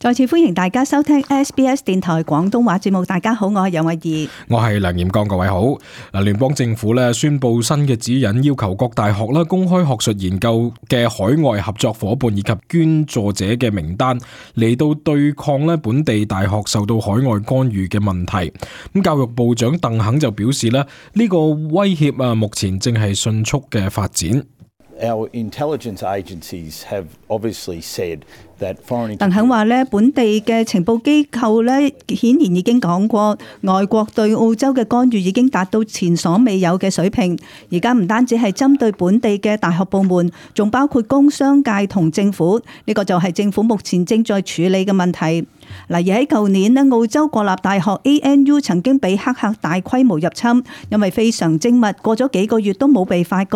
再次歡迎大家收聽 SBS 電台廣東話節目。大家好，我係楊蕙而，我係梁焱剛。各位好。嗱，聯邦政府咧宣布新嘅指引，要求各大學啦公開學術研究嘅海外合作夥伴以及捐助者嘅名單，嚟到對抗本地大學受到海外干預嘅問題。咁教育部長鄧肯就表示咧，呢、呢個威脅啊，目前正係迅速嘅發展。Our intelligence agencies have obviously said that foreign. 鄧肯話咧，本地嘅情報機構咧，顯然已經講過，外國對澳洲嘅干預已經達到前所未有嘅水平。而家唔單止係針對本地嘅大學部門，仲包括工商界同政府，呢個就係政府目前正在處理嘅問題。例如喺舊年呢，澳洲國立大學 ANU 曾經被黑客大規模入侵，因為非常精密，過咗幾個月都冇被發覺。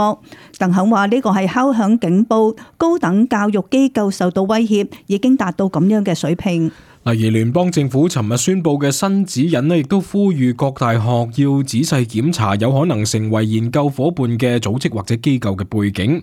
鄧肯話呢個係敲響警報，高等教育機構受到威脅，已經達到咁樣嘅水平。例如聯邦政府尋日宣布嘅新指引呢，亦都呼籲各大學要仔細檢查有可能成為研究夥伴嘅組織或者機構嘅背景，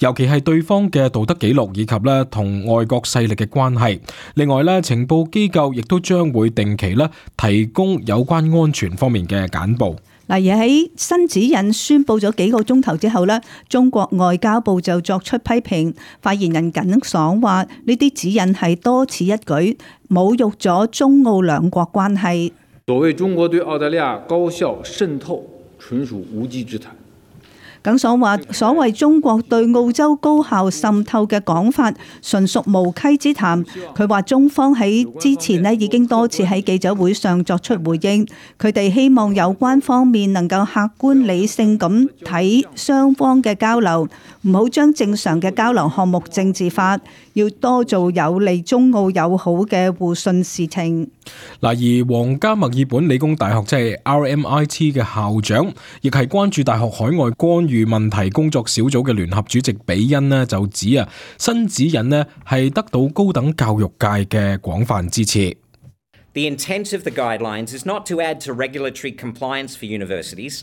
尤其係對方嘅道德記錄以及咧同外國勢力嘅關係。另外咧，情報機構亦都將會定期咧提供有關安全方面嘅簡報。嗱，而喺新指引宣布咗幾個鐘頭之後咧，中國外交部就作出批評，發言人耿爽話：呢啲指引係多此一舉，侮辱咗中澳兩國關係。所謂中國對澳大利亞高效滲透，純屬無稽之談。耿爽話，所謂中國對澳洲高校滲透嘅講法，純屬無稽之談，佢話中方喺之前咧已經多次喺記者會上作出回應，佢哋希望有關方面能夠客觀理性咁睇雙方嘅交流，唔好將正常嘅交流項目政治化，要多做有利中澳友好嘅互信事情。嗱，而皇家墨爾本理工大學即係、就是、RMIT 嘅校長亦係關注大學海外官員。如問題工作小組嘅聯合主席比恩咧，就指啊新指引咧係得到高等教育界嘅廣泛支持。The intent of the guidelines is not to add to regulatory compliance for universities.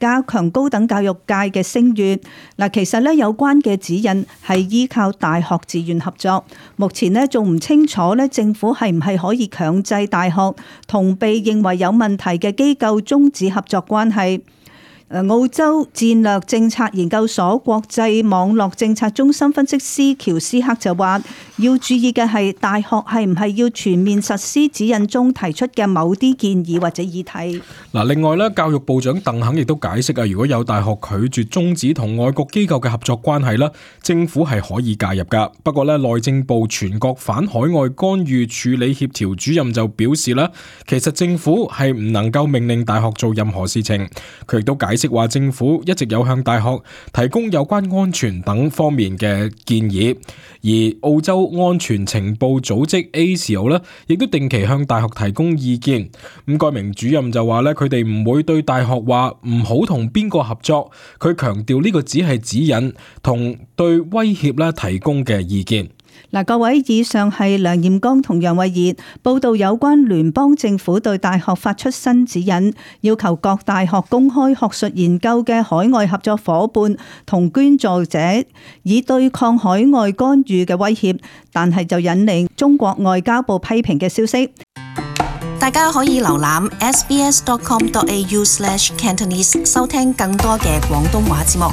加強高等教育界嘅聲譽。嗱，其實咧，有關嘅指引係依靠大學自願合作。目前咧，仲唔清楚咧，政府係唔係可以強制大學同被認為有問題嘅機構終止合作關係？誒，澳洲戰略政策研究所國際網絡政策中心分析師喬斯克就話。要注意嘅係大學係唔係要全面實施指引中提出嘅某啲建議或者議題。嗱，另外咧，教育部長鄧肯亦都解釋啊，如果有大學拒絕終止同外國機構嘅合作關係咧，政府係可以介入噶。不過咧，內政部全國反海外干預處理協調主任就表示啦，其實政府係唔能夠命令大學做任何事情。佢亦都解釋話，政府一直有向大學提供有關安全等方面嘅建議，而澳洲。安全情報組織 ASIO 咧，亦都定期向大學提供意見。咁該名主任就話咧，佢哋唔會對大學話唔好同邊個合作。佢強調呢個只係指引同對威脅咧提供嘅意見。嗱，各位，以上係梁焱剛同楊蕙而報導有關聯邦政府對大學發出新指引，要求各大學公開學術研究嘅海外合作夥伴同捐助者，以對抗海外干預嘅威脅。但係就引來中國外交部批評嘅消息。大家可以瀏覽 sbs.com.au/cantonese 收聽更多嘅廣東話節目。